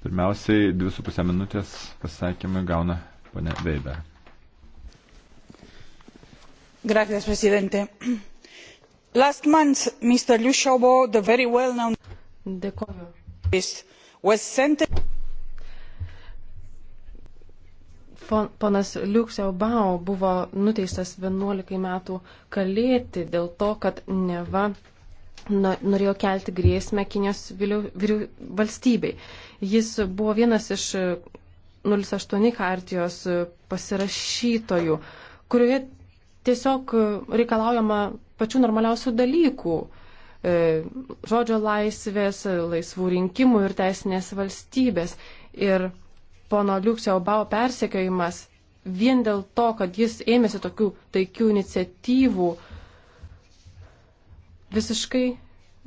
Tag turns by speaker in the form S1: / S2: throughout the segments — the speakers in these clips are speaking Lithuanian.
S1: Pirmiausiai, dvi su pusę minutės pasakymai gauna ponė Veiber.
S2: Gracias, presidente. Last month, Mr. Liu Xiaobo, the very well-known Dėkoju. was sentenced ponas Liuksio Bao buvo nuteistas 11 metų kalėti dėl to, kad neva norėjo kelti grėsmę Kinijos viliu, viliu, valstybei. Jis buvo vienas iš 08 kartijos pasirašytojų, kurioje tiesiog reikalaujama pačių normaliausių dalykų e, - žodžio laisvės, laisvų rinkimų ir teisinės valstybės. Ir pono Liuksio Obao persekiojimas vien dėl to, kad jis ėmėsi tokių taikių iniciatyvų, uh, visiškai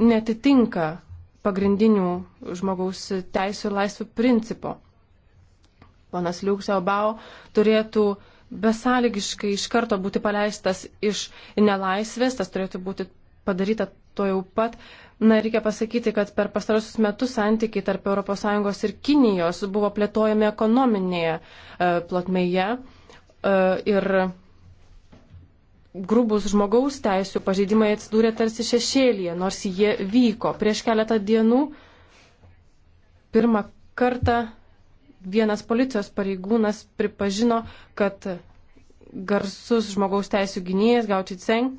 S2: netitinka pagrindinių žmogaus teisų ir laisvių principo. Ponas Liuksiaubao turėtų besąlygiškai iš karto būti paleistas iš nelaisvės, tas turėtų būti padaryta to jau pat. Na, reikia pasakyti, kad per pastarosius metus santykiai tarp ES ir Kinijos buvo plėtojami ekonominėje e, plotmėje e, ir grubus žmogaus teisų pažeidimai atsidūrė tarsi šešėlyje, nors jie vyko. Prieš keletą dienų pirmą kartą vienas policijos pareigūnas pripažino, kad garsus žmogaus teisų gynėjas Gauči Ceng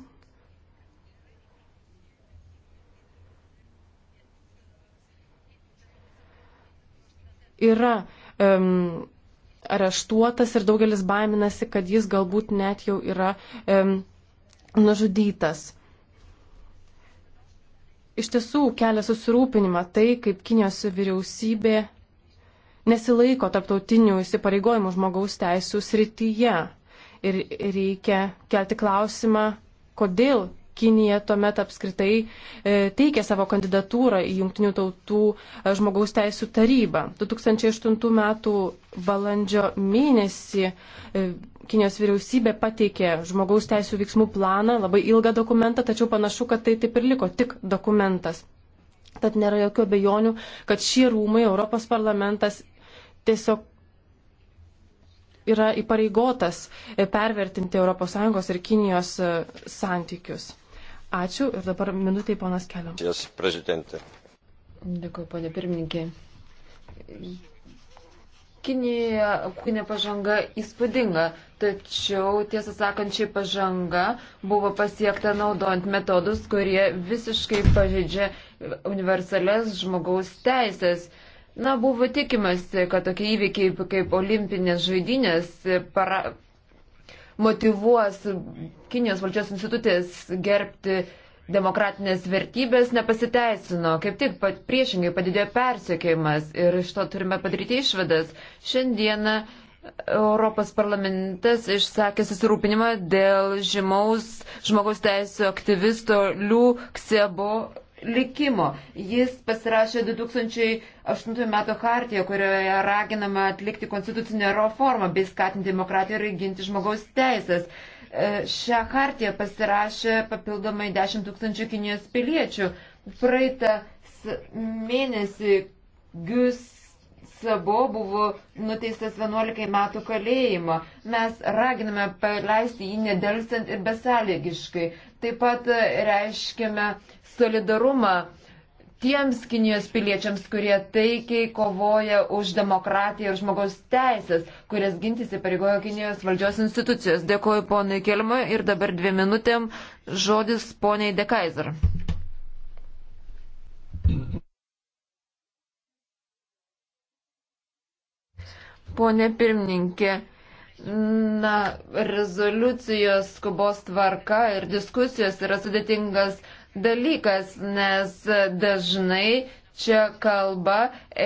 S2: yra um, areštuotas ir daugelis baiminasi, kad jis galbūt net jau yra e, nužudytas. Iš tiesų kelia susirūpinimą tai, kaip Kinijos vyriausybė nesilaiko tarptautinių įsipareigojimų žmogaus teisų srityje. Ir reikia kelti klausimą, kodėl Kinija tuomet apskritai e, teikė savo kandidatūrą į Junktinių tautų e, žmogaus teisų tarybą. 2008 m. balandžio mėnesį e, Kinijos vyriausybė pateikė žmogaus teisų veiksmų planą, labai ilgą dokumentą, tačiau panašu, kad tai taip ir liko tik dokumentas. Tad nėra jokių abejonių, kad šie rūmai, Europos parlamentas tiesiog yra įpareigotas pervertinti ES ir Kinijos santykius. Ačiū ir
S3: dabar minutai ponas Keliam.
S1: Yes, prezidentė.
S3: Dėkuoju, ponė pirmininkė. Kinijoje ūkinė pažanga įspūdinga, tačiau tiesą sakant, ši pažanga buvo pasiekta naudojant metodus, kurie visiškai pažeidžia universales žmogaus teisės. Na, buvo tikimasi, kad tokie įvykiai kaip olimpinės žaidynės para, motivuos Kinijos valdžios institutės gerbti demokratinės vertybės nepasiteisino, kaip tik pat priešingai padidėjo persiekėjimas ir iš to turime padaryti išvadas. Šiandieną Europos parlamentas išsakė susirūpinimą dėl žymaus žmogaus teisų aktyvisto Liu Ksebo likimo. Jis pasirašė 2008 m. hartiją, kurioje raginama atlikti konstitucinę reformą bei skatinti demokratiją ir ginti žmogaus teisės. E, šią hartiją pasirašė papildomai 10 tūkstančių Kinijos piliečių. Praeitą mėnesį Gus Sabo buvo nuteistas 11 metų kalėjimo. Mes raginame paleisti jį nedelsant ir besąlygiškai. Taip pat reiškime solidarumą tiems Kinijos piliečiams, kurie taikiai kovoja už demokratiją ir žmogaus teisės, kurias gintis įpareigojo Kinijos valdžios institucijos. Dėkuoju ponui Kelmui ir dabar dvi minutėm žodis poniai Dekaiser. Pone pirmininkė, na, rezoliucijos skubos tvarka ir diskusijos yra sudėtingas dalykas, nes dažnai čia kalba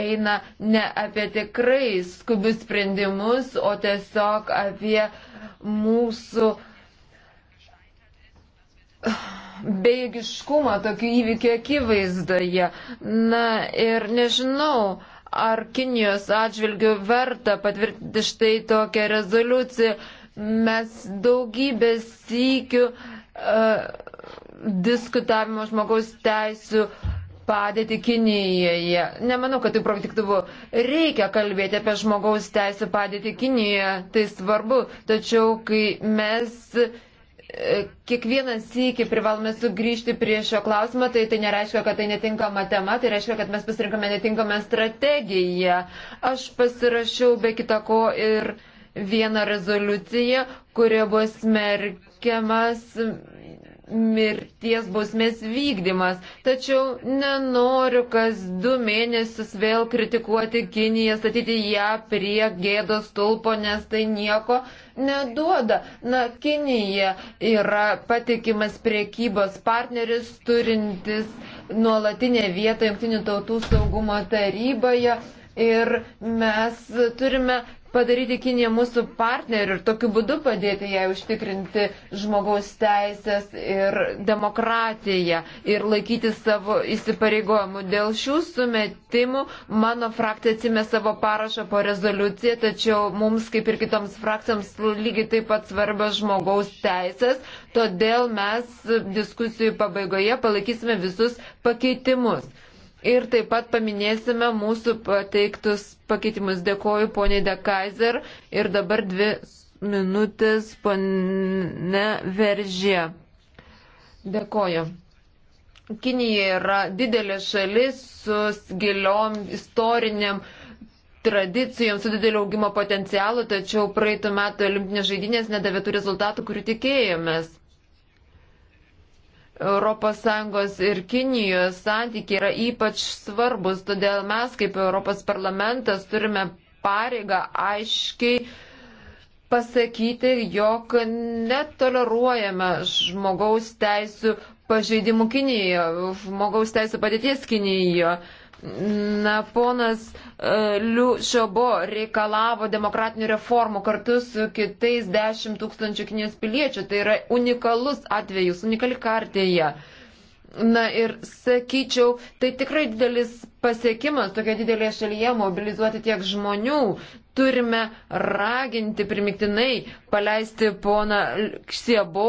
S3: eina ne apie tikrai skubius sprendimus, o tiesiog apie mūsų beigiškumą tokių įvykių akivaizdoje. Na ir nežinau, ar Kinijos atžvilgių verta patvirtinti štai tokią rezoliuciją. Mes daugybę sykių uh, diskutavimo žmogaus teisų padėti Kinijoje. Nemanau, kad tai produktyvu. Reikia kalbėti apie žmogaus teisų padėti Kinijoje, tai svarbu. Tačiau, kai mes uh, E, kiekvieną sykį privalome sugrįžti prie šio klausimo, tai tai nereiškia, kad tai netinkama tema, tai reiškia, kad mes pasirinkome netinkamą strategiją. Aš pasirašiau be kitako ir vieną rezoliuciją, kurie buvo smerkiamas mirties bausmės vykdymas. Tačiau nenoriu kas du mėnesius vėl kritikuoti Kiniją, statyti ją prie gėdos tulpo, nes tai nieko neduoda. Na, Kinija yra patikimas priekybos partneris, turintis nuolatinę vietą Junktinių tautų saugumo taryboje. Ir mes turime padaryti Kiniją mūsų partneriu ir tokiu būdu padėti jai užtikrinti žmogaus teisės ir demokratiją ir laikyti savo įsipareigojimų. Dėl šių sumetimų mano frakcija atsimė savo parašą po rezoliuciją, tačiau mums, kaip ir kitoms frakcijams, lygiai taip pat svarbios žmogaus teisės, todėl mes diskusijų pabaigoje palaikysime visus pakeitimus. Ir taip pat paminėsime mūsų pateiktus pakeitimus. Dėkoju poniai De Kaiser. Ir dabar dvi minutės ponė Veržė. Dėkoju. Kinija yra didelė šalis su giliom istoriniam tradicijom, su dideliu augimo potencialu, tačiau praeitų metų olimpinės žaidynės nedavė tų rezultatų, kurių tikėjomės. ES ir Kinijos santykiai yra ypač svarbus, todėl mes kaip Europos parlamentas turime pareigą aiškiai pasakyti, jog netoleruojame žmogaus teisų pažeidimų Kinijoje, žmogaus teisų padėties Kinijoje. Na, ponas e, Liu Šiobo reikalavo demokratinių reformų kartu su kitais 10 tūkstančių Kinijos piliečių. Tai yra unikalus atvejus, unikali kartėje. Na ir sakyčiau, tai tikrai didelis pasiekimas tokia didelė šalyje mobilizuoti tiek žmonių. Turime raginti primiktinai paleisti poną Ksiebo,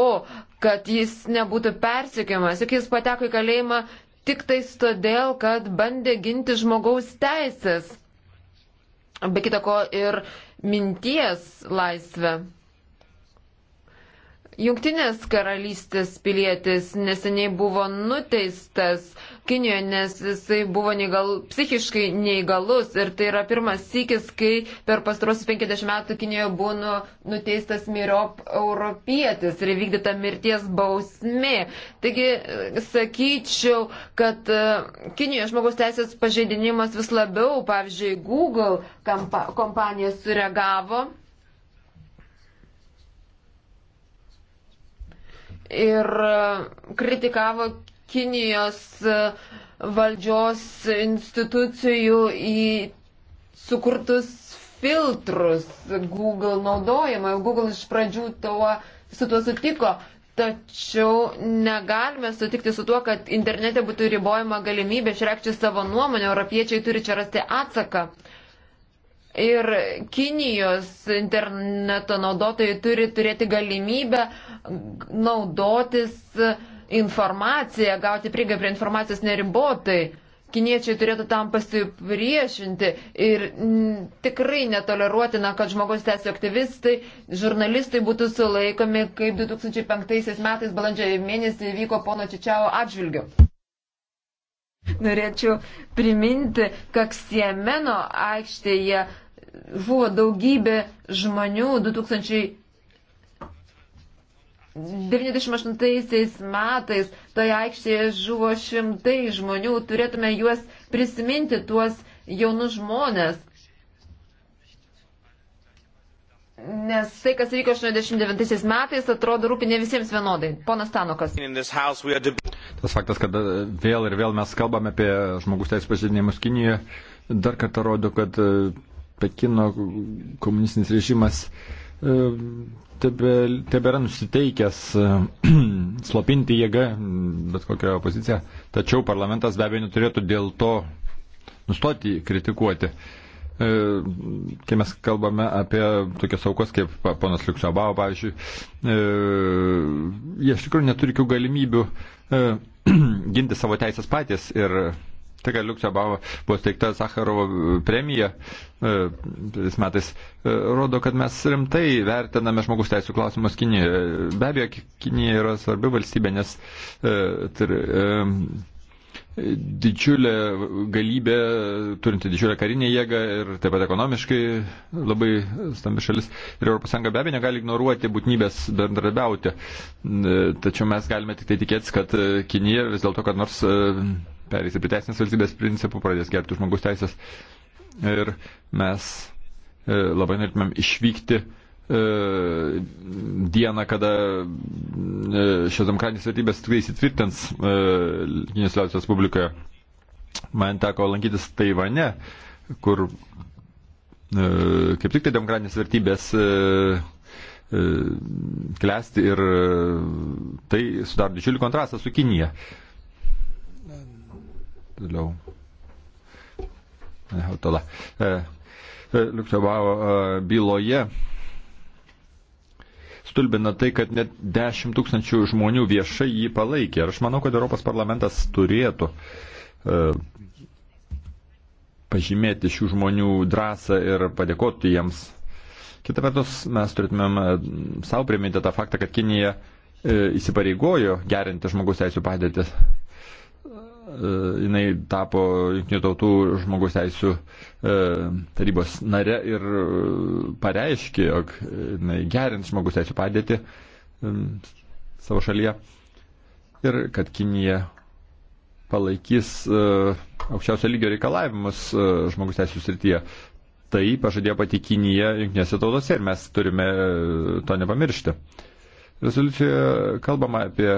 S3: kad jis nebūtų persikiamas, juk jis pateko į kalėjimą tik tais todėl, kad bandė ginti žmogaus teisės, be kitako ir minties laisvę. Jungtinės karalystės pilietis neseniai buvo nuteistas Kinijoje, nes jisai buvo neįgal, psichiškai neįgalus ir tai yra pirmas sykis, kai per pastarosius 50 metų Kinijoje buvo nuteistas miriop europietis ir įvykdyta mirties bausmė. Taigi, sakyčiau, kad e, Kinijoje žmogaus teisės pažeidinimas vis labiau, pavyzdžiui, Google kompanija sureagavo. ir e, kritikavo Kinijos e, valdžios institucijų į sukurtus filtrus Google naudojimą. Google iš pradžių tuo, su tuo sutiko, Tačiau negalime sutikti su tuo, kad internete būtų ribojama galimybė išreikšti savo nuomonę, europiečiai turi čia rasti atsaką. Ir Kinijos interneto naudotojai turi turėti galimybę naudotis uh, informaciją, gauti prieigą prie informacijos neribotai. Kiniečiai turėtų tam pasipriešinti ir m, tikrai netoleruotina, kad žmogaus teisų aktyvistai, žurnalistai būtų sulaikomi, kaip 2005 metais balandžio mėnesį vyko pono Čičiavo atžvilgiu. Norėčiau priminti, kad Siemeno aikštėje žuvo daugybė žmonių 2000. 98 metais toje aikštėje žuvo šimtai žmonių, turėtume juos prisiminti, tuos jaunus žmonės. Nes tai, kas vyko 89 metais, atrodo rūpinė visiems vienodai. Ponas Tanokas.
S2: Tas faktas,
S1: kad vėl ir vėl mes kalbame apie žmogus teisų pažydinimus Kinijoje, dar kartą rodo, kad e, Pekino komunistinis režimas e, tebe, tebėra nusiteikęs slopinti jėgą bet kokią opoziciją, tačiau parlamentas be abejo neturėtų dėl to nustoti kritikuoti. E, kai mes kalbame apie tokias aukos kaip ponas Liukšabao, pavyzdžiui, e, jie iš tikrųjų neturi jokių galimybių e, ginti savo teisės patys ir Tai, kad Liukčiabavo buvo steigta Sakarovo e, premija e, tais metais, e, rodo, kad mes rimtai vertiname žmogus teisų klausimus Kinijoje. Be abejo, Kinija yra svarbi valstybė, nes tai, didžiulė galybė, turinti didžiulę karinę jėgą ir taip pat ekonomiškai labai stambi šalis. Ir ES be abejo negali ignoruoti būtinybės bendradarbiauti. Tačiau mes galime tik tai tikėtis, kad Kinija vis dėlto, kad nors perės prie teisinės valstybės principų, pradės gerbti žmogus teisės. Ir mes e, labai norėtumėm išvykti e, dieną, kada e, šios demokratinės vertybės tikrai įsitvirtins Kinijos Liaudės Respublikoje. Man teko lankytis Taivane, kur kaip tik tai demokratinės vertybės klesti ir tai sudaro didžiulį kontrastą su Kinija. Toliau. Hautala. E, e, Liuktavavo e, byloje stulbina tai, kad net 10 tūkstančių žmonių viešai jį palaikė. Ir aš manau, kad Europos parlamentas turėtų pažymėti šių žmonių drąsą ir padėkoti jiems. Kita vertus, mes turėtumėm savo priminti tą faktą, kad Kinija įsipareigojo gerinti žmogus teisų padėtį E, jinai tapo Junktinių tautų žmogaus teisų e, tarybos nare ir e, pareiškė, jog jinai gerint žmogaus teisų padėti savo šalyje ir kad Kinija palaikys aukščiausio lygio reikalavimus žmogus teisų srityje. Tai pažadėjo pati Kinija jungtinėse tautose ir mes turime to nepamiršti. Rezoliucijoje kalbama apie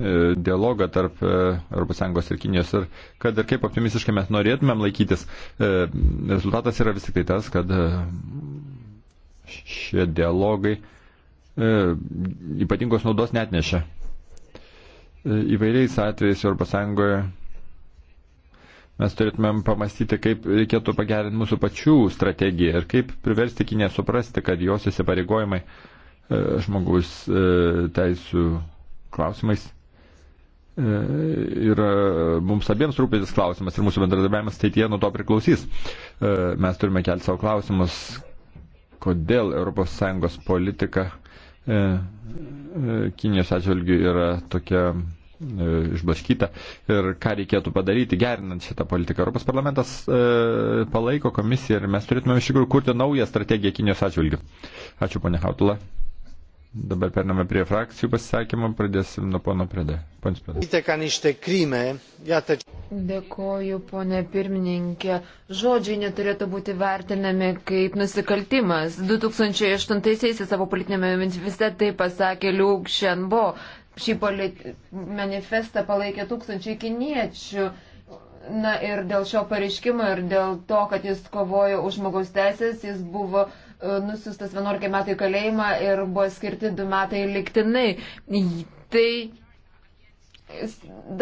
S1: E, dialogą tarp ES ir Kinijos. Ir kad ir kaip optimistiškai mes norėtumėm laikytis, e, rezultatas yra vis tik tai tas, kad e, šie dialogai ypatingos naudos net nešia. Įvairiais atvejais ES mes turėtumėm pamastyti, kaip reikėtų pagerinti mūsų pačių strategiją ir kaip priversti Kiniją suprasti, kad jos įsipareigojimai žmogaus teisų klausimais E, ir e, mums abiems rūpėtis klausimas ir mūsų bendradarbiavimas ateityje nuo to priklausys. E, mes turime kelti savo klausimus, kodėl ES politika Kinijos atžvilgių yra tokia išblaškyta ir ką reikėtų padaryti gerinant šitą politiką. Europos parlamentas e, palaiko komisiją ir mes turėtume iš tikrųjų kurti naują strategiją Kinijos atžvilgių. Ačiū, ponia Hautula. Dabar pername prie frakcijų pasisakymą, pradėsim nuo pono Preda.
S3: Dėkoju, ponė pirmininkė. Žodžiai neturėtų būti vertinami kaip nusikaltimas. 2008-aisiais savo politinėme manifeste tai pasakė Liuk Šenbo. Šį manifestą palaikė tūkstančiai kiniečių. Na ir dėl šio pareiškimo ir dėl to, kad jis kovojo už žmogaus teisės, jis buvo uh, nusistas 11 metai kalėjimą ir buvo skirti 2 metai liktinai. Tai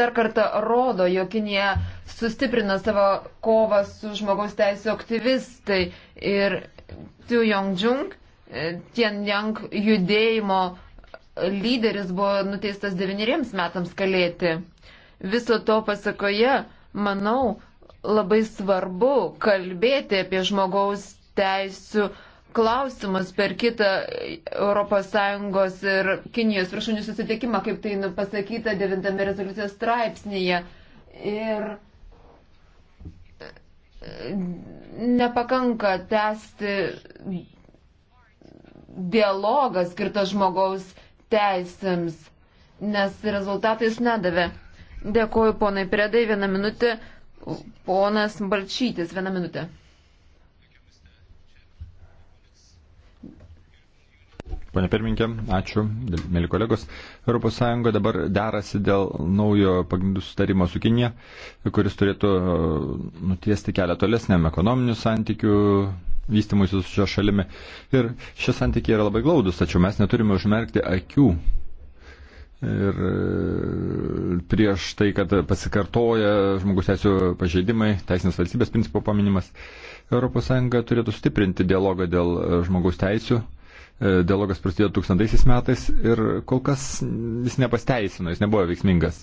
S3: dar kartą rodo, jog Kinija sustiprina savo kovą su žmogaus teisų aktyvistai ir Tu Yongjung, e, Tien Yang judėjimo lyderis buvo nuteistas devyneriems metams kalėti. Viso to pasakoje, manau, labai svarbu kalbėti apie žmogaus teisų klausimus per kitą ES ir Kinijos viršūnių susitikimą, kaip tai nu, pasakyta 9 rezoliucijos straipsnėje. Ir e, nepakanka tęsti dialogą skirtą žmogaus teisėms, nes rezultatais nedavė. Dėkuoju ponai Predai, vieną minutę, ponas Balčytis, vieną minutę.
S1: Pane pirmininkė, ačiū, mėly kolegos. ES dabar derasi dėl naujo pagrindų sutarimo su Kinija, kuris turėtų e, nutiesti kelią tolesniam ekonominių santykių vystimuisi su šio šalimi. Ir šie santykiai yra labai glaudus, tačiau mes neturime užmerkti akių. Ir e, prieš tai, kad pasikartoja žmogus teisų pažeidimai, teisinės valstybės principo paminimas, ES turėtų stiprinti dialogą dėl e, žmogaus teisų E, dialogas prasidėjo 2000 metais ir kol kas jis nepasteisino, jis nebuvo veiksmingas.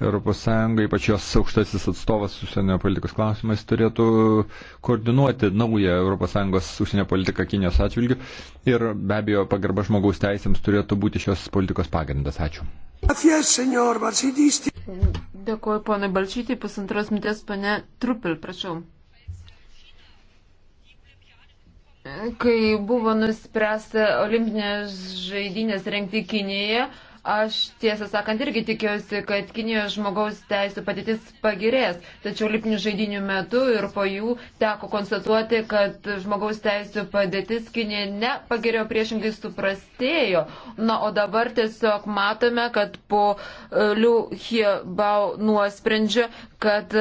S1: ES, ypač jos aukštasis atstovas užsienio politikos klausimais, turėtų koordinuoti naują ES užsienio politiką Kinijos atžvilgių ir be abejo pagarba žmogaus teisėms turėtų būti šios politikos pagrindas. Ačiū.
S3: Dėkuoju, ponai Balčytį, pusantros minties, pane Trupil, prašau. kai buvo nuspręsta olimpinės žaidynės rengti Kinijoje, aš tiesą sakant irgi tikėjausi, kad Kinijos žmogaus teisų padėtis pagirės. Tačiau olimpinių žaidinių metu ir po jų teko konstatuoti, kad žmogaus teisų padėtis Kinijoje nepagirėjo, priešingai suprastėjo. Na, o dabar tiesiog matome, kad po e, Liu Hiebao nuosprendžio, kad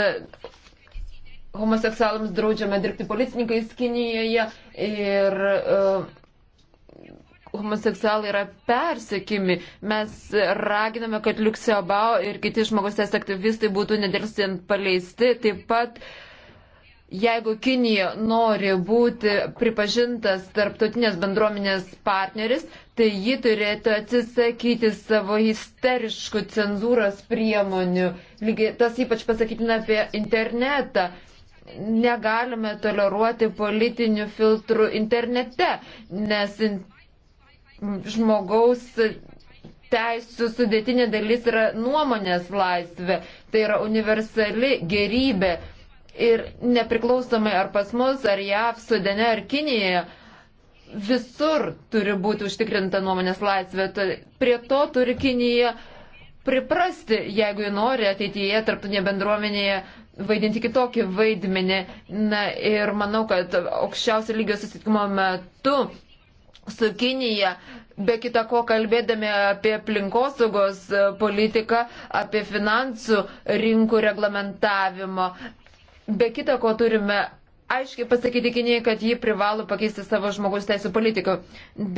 S3: homoseksualams draudžiama dirbti policininkais Kinijoje ir uh, homoseksualai yra persekimi. Mes raginame, kad Liuksio Bao ir kiti žmogus teisės aktyvistai būtų nedėlsint paleisti. Taip pat, jeigu Kinija nori būti pripažintas tarptautinės bendruomenės partneris, tai ji turėtų atsisakyti savo isteriškų cenzūros priemonių. Lygiai tas ypač pasakytina apie internetą negalime toleruoti politinių filtrų internete, nes žmogaus teisų sudėtinė dalis yra nuomonės laisvė, tai yra universali gerybė. Ir nepriklausomai ar pas mus, ar JAV, Sudane, ar Kinijoje, visur turi būti užtikrinta nuomonės laisvė. Prie to turi Kinija priprasti, jeigu ji nori ateityje tarptautinėje bendruomenėje vaidinti kitokį vaidmenį. Na ir manau, kad aukščiausio lygio susitikimo metu su Kinija, be kita ko kalbėdami apie aplinkosaugos politiką, apie finansų rinkų reglamentavimo, be kita ko turime aiškiai pasakyti Kinijai, kad ji privalo pakeisti savo žmogus teisų politiką.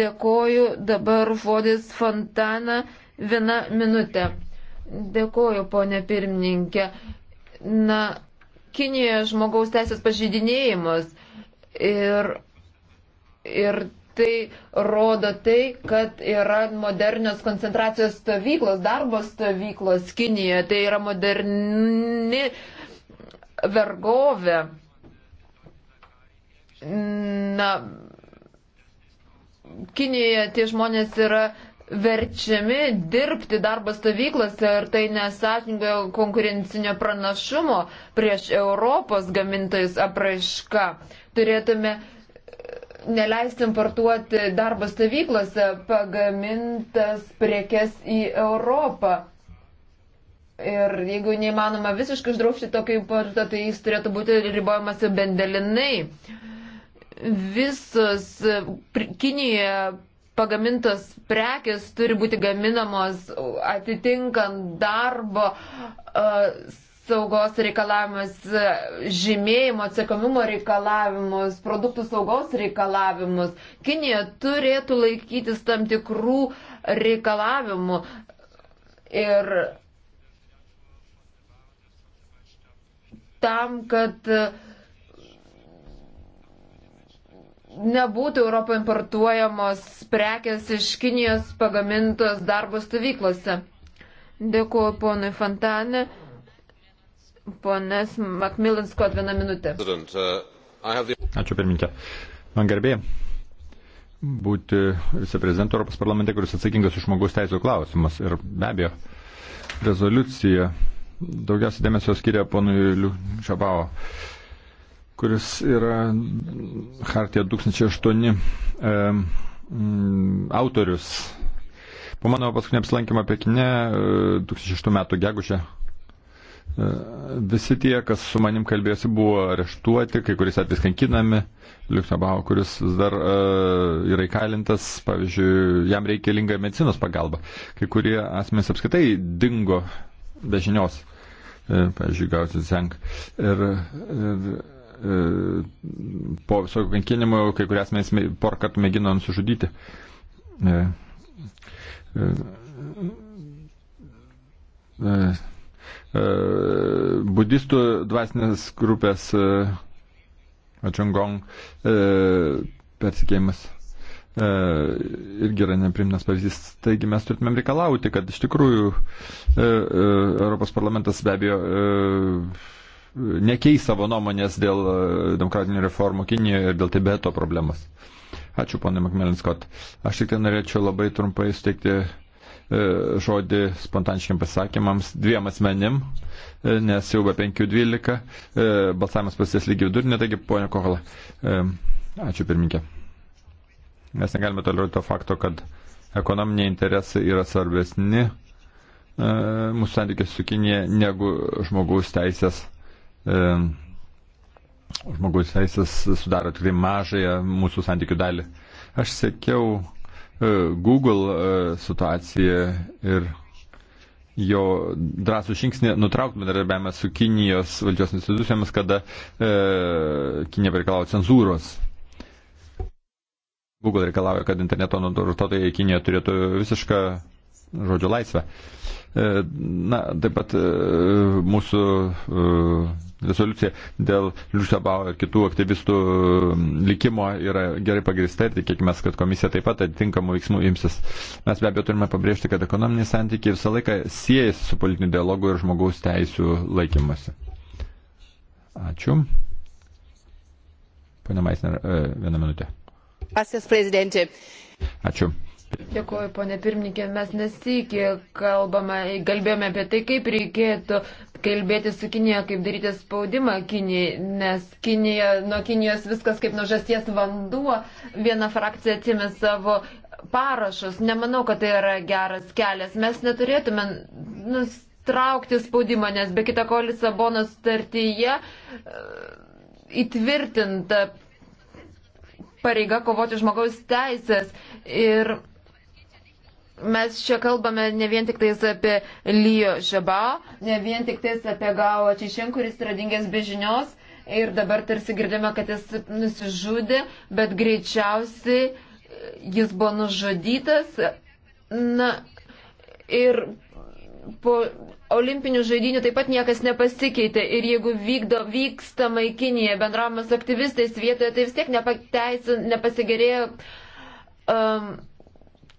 S3: Dėkoju, dabar žodis Fontana, viena minutė. Dėkoju, ponė pirmininkė na, Kinijoje žmogaus teisės pažydinėjimus. Ir, ir tai rodo tai, kad yra modernios koncentracijos stovyklos, darbo stovyklos Kinijoje. Tai yra moderni vergovė. Na, Kinijoje tie žmonės yra verčiami dirbti darbo stovyklose ir tai nesakingo konkurencinio pranašumo prieš Europos gamintojus apraiška. Turėtume e, neleisti importuoti darbo stovyklose pagamintas prekes į Europą. Ir jeigu neįmanoma visiškai uždraušti tokį importą, tai jis turėtų būti ribojamas bendelinai. Visos e, Kinijoje pagamintos prekės turi būti gaminamos atitinkant darbo saugos reikalavimus, žymėjimo atsakomumo reikalavimus, produktų saugos reikalavimus. Kinija turėtų laikytis tam tikrų reikalavimų. Ir tam, kad uh, nebūtų Europoje importuojamos prekes iš Kinijos pagamintos darbo stovyklose. Dėkuoju ponui Fantane. Ponas Macmillan Scott, vieną minutę.
S1: Uh, Ačiū pirmininkė. Man garbė būti viceprezidentu Europos parlamente, kuris atsakingas už žmogaus teisų klausimus. Ir be abejo, rezoliucija daugiausiai dėmesio skiria ponui Liu Čabao kuris yra Hartija 2008 e, mm, autorius. Po mano paskutinio apsilankimo Pekine 2006 e, metų gegužę e, Visi tie, kas su manim kalbėjosi, buvo areštuoti, kai kuris atvejs kankinami. Liuknabau, kuris vis dar uh, yra įkalintas, pavyzdžiui, jam reikalinga medicinos pagalba. Kai kurie asmenys apskaitai dingo be žinios, uh, pavyzdžiui, gausi zenk. Ir, ir E, po visokių kankinimų kai kurie asmenys porą kartų mėgino nusižudyti. E, e, budistų dvasinės grupės Ačiungong persikėjimas irgi yra neprimnas pavyzdys. Taigi mes turėtumėm reikalauti, kad iš tikrųjų Europos parlamentas be abejo nekeis savo nuomonės dėl e, demokratinių reformų Kinijoje ir dėl Tibeto problemos. Ačiū, ponai Makmelinskot. Aš tik tai norėčiau labai trumpai suteikti e, žodį spontaniškiam pasakymams dviem asmenim, e, nes jau be 5.12 balsavimas pasės lygiai vidurinė, taigi ponia Kohala. Ačiū pirminkė. Mes negalime toleruoti to fakto, kad ekonominiai interesai yra svarbesni mūsų santykiai su Kinėje negu žmogaus teisės E, žmogaus teisės sudaro tikrai mažąją mūsų santykių dalį. Aš sekiau e, Google e, situaciją ir jo drąsų žingsnį nutraukti bendradarbiavimą su Kinijos valdžios institucijomis, kada e, Kinija reikalauja cenzūros. Google reikalauja, kad interneto vartotojai Kinijoje turėtų visišką žodžio laisvę. E, na, taip pat e, mūsų e, rezoliucija dėl Liušabao ir kitų aktyvistų likimo yra gerai pagrįsta ir tikėkime, kad komisija taip pat atitinkamų veiksmų imsis. Mes be abejo turime pabrėžti, kad ekonominiai santykiai visą laiką siejasi su politiniu dialogu ir žmogaus teisų laikymasi. Ačiū. Pane Maisner, vieną minutę.
S3: Ačiū. Dėkuoju, ponė pirmininkė, mes nesikį kalbėjome apie tai, kaip reikėtų kalbėti su Kinėje, kaip daryti spaudimą Kinėje, nes Kinėje, nuo Kinijos viskas kaip nuo žasties vanduo, viena frakcija atsimė savo parašus, nemanau, kad tai yra geras kelias, mes neturėtume nustraukti spaudimą, nes be kita ko Lisabono startyje e, įtvirtinta pareiga kovoti žmogaus teisės ir Mes čia kalbame ne vien tik tais apie Lijo Žaba, ne vien tik tais apie Gavo Čišin, kuris yra dingęs be žinios ir dabar tarsi girdime, kad jis nusižudė, bet greičiausiai jis buvo nužudytas. Na, ir po olimpinių žaidynių taip pat niekas nepasikeitė ir jeigu vykdo, vykstama į Kiniją bendravimas aktyvistais vietoje, tai vis tiek nepateisi, nepasigerėjo um,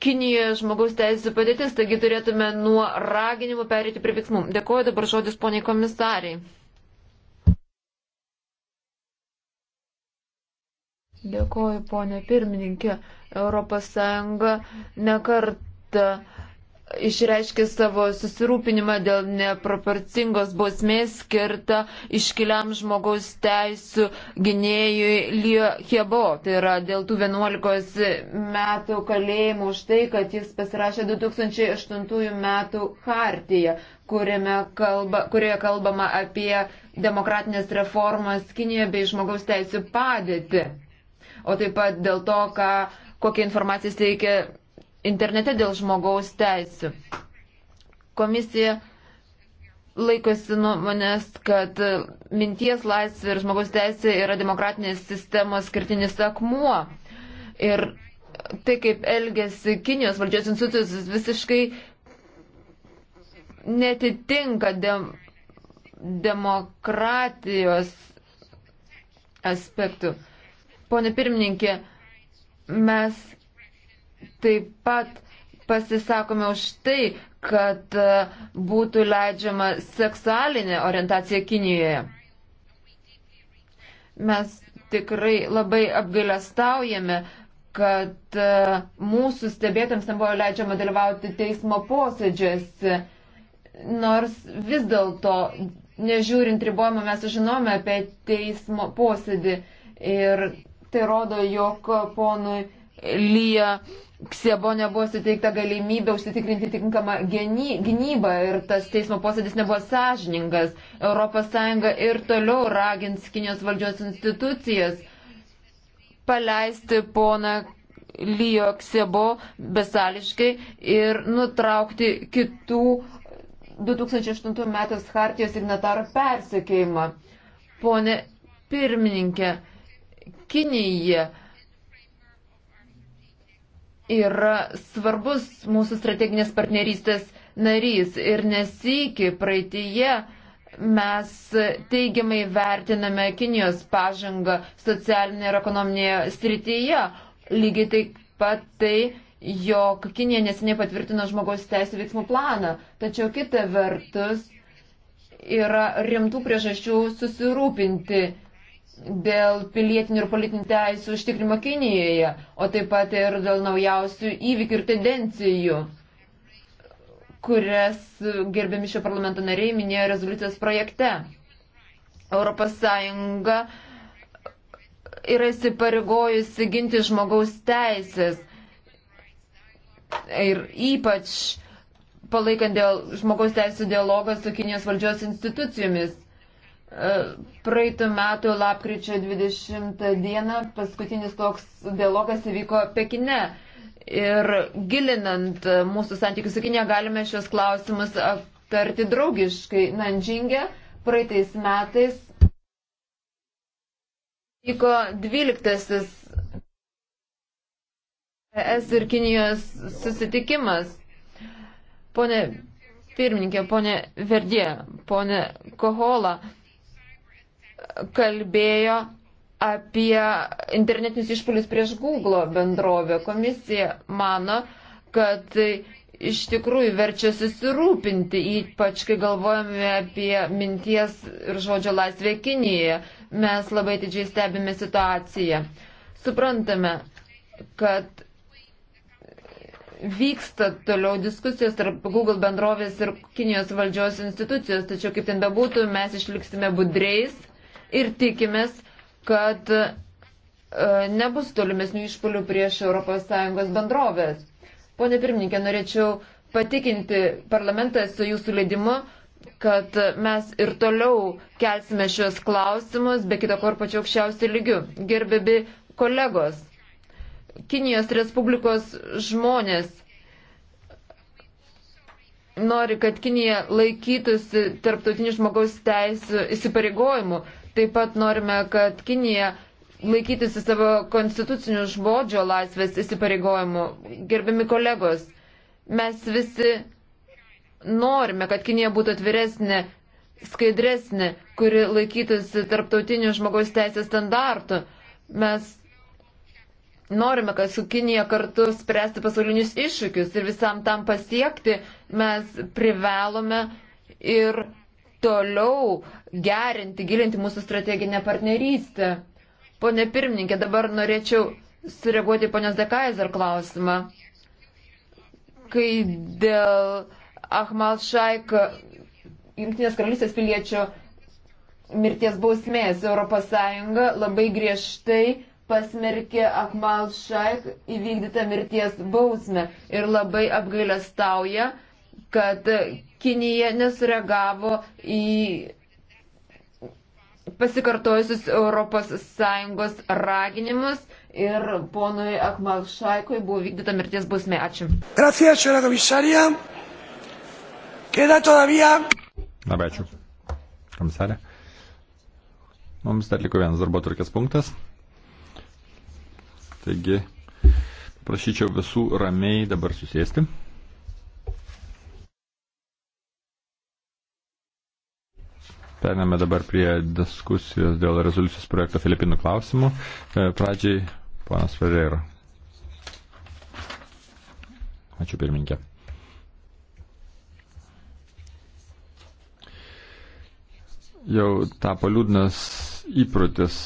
S3: Kinijoje žmogaus teisų padėtis, taigi turėtume nuo raginimų perėti prie veiksmų. Dėkuoju dabar žodis poniai komisariai. Dėkuoju, ponė pirmininkė. Europos Sąjunga nekart kartą išreiškė savo susirūpinimą dėl neproporcingos bausmės skirta iškiliam žmogaus teisų gynėjui Lio Hiebo. Tai yra dėl tų 11 metų kalėjimų už tai, kad jis pasirašė 2008 metų hartiją, kalba, kurioje kalbama apie demokratinės reformas Kinijoje bei žmogaus teisų padėtį. O taip pat dėl to, ką, kokią informaciją teikia internete dėl žmogaus teisų. Komisija laikosi nuomonės, kad minties laisvė ir žmogaus teisė yra demokratinės sistemos skirtinis akmuo. Ir tai, kaip elgesi Kinijos valdžios institucijos, visiškai netitinka de demokratijos aspektų. Pone pirmininkė, mes Taip pat pasisakome už tai, kad e, būtų leidžiama seksualinė orientacija Kinijoje. Mes tikrai labai apgailestaujame, kad e, mūsų stebėtams nebuvo leidžiama dalyvauti teismo posėdžiuose. Nors vis dėlto, nežiūrint ribojimą, mes žinome apie teismo posėdį ir tai rodo, jog ponui lyja, Ksebonė buvo suteikta galimybė užsitikrinti tinkamą gynybą ir tas teismo posėdis nebuvo sąžiningas. ES ir toliau ragins Kinijos valdžios institucijas paleisti poną Lyjo Ksebo besališkai ir nutraukti kitų 2008 metų Hartijos signatarų persekėjimą. Pone pirmininkė, Kinija yra svarbus mūsų strateginės partnerystės narys ir nesikį praeitįje mes teigiamai vertiname Kinijos pažangą socialinėje ir ekonominėje srityje. Lygiai taip pat tai, jog Kinija nesiniai patvirtino žmogaus teisų veiksmų planą. Tačiau kita vertus yra rimtų priežasčių susirūpinti dėl pilietinių ir politinių teisų užtikrimo Kinijoje, o taip pat ir dėl naujausių įvykių ir tendencijų, kurias gerbiami šio parlamento nariai minėjo rezoliucijos projekte. Europos Sąjunga yra įsipareigojusi ginti žmogaus teisės ir ypač palaikant dėl žmogaus teisų dialogą su Kinijos valdžios institucijomis. E, praeitų metų lapkričio 20 dieną paskutinis toks dialogas įvyko Pekine. Ir gilinant mūsų santykius su Kinė, galime šios klausimus aptarti draugiškai. Nanžingė praeitais metais vyko 12 ES ir Kinijos susitikimas. Pone pirmininkė, pone Verdė, pone Kohola kalbėjo apie internetinius išpolius prieš Google bendrovę. Komisija mano, kad iš tikrųjų verčia susirūpinti, ypač kai galvojame apie minties ir žodžio laisvę Kinijoje. Mes labai didžiai stebime situaciją. Suprantame, kad vyksta toliau diskusijos tarp Google bendrovės ir Kinijos valdžios institucijos, tačiau kaip ten bebūtų, mes išliksime budreis ir tikimės, kad e, nebus tolimesnių išpolių prieš ES bendrovės. Pone pirmininkė, norėčiau patikinti parlamentą su jūsų leidimu, kad mes ir toliau kelsime šios klausimus, be kita kor pačiu aukščiausiu lygiu. Gerbiami kolegos, Kinijos Respublikos žmonės nori, kad Kinija laikytųsi tarptautinių žmogaus teisų įsipareigojimų. Taip pat norime, kad Kinija laikytųsi savo konstitucinių žodžio laisvės įsipareigojimų. Gerbiami kolegos, mes visi norime, kad Kinija būtų atviresnė, skaidresnė, kuri laikytųsi tarptautinių žmogaus teisės standartų. Mes norime, kad su Kinija kartu spręsti pasaulinius iššūkius ir visam tam pasiekti, mes privalome ir toliau gerinti, gilinti mūsų strateginę partnerystę. Pone pirmininkė, dabar norėčiau sureaguoti ponios Dekaiser klausimą, kai dėl Ahmal Šaik Junktinės karalystės piliečio mirties bausmės ES labai griežtai pasmerkė Akmal Šaik įvykdytą mirties bausmę ir labai apgailestauja, kad Kinija nesureagavo į pasikartojusius ES raginimus ir ponui Akmal Šaikui buvo vykdyta mirties bausmė. Ačiū.
S2: Gracias, señora komisarija. Queda todavía. Labai ačiū.
S1: Komisarė. Mums dar liko vienas darbo turkės punktas. Taigi, prašyčiau visų ramiai dabar susėsti. Perėmėme dabar prie diskusijos dėl rezoliucijos projekto Filipinų klausimų. E, pradžiai, ponas Ferreira. Ačiū pirmininkė. Jau tapo liūdnas įprotis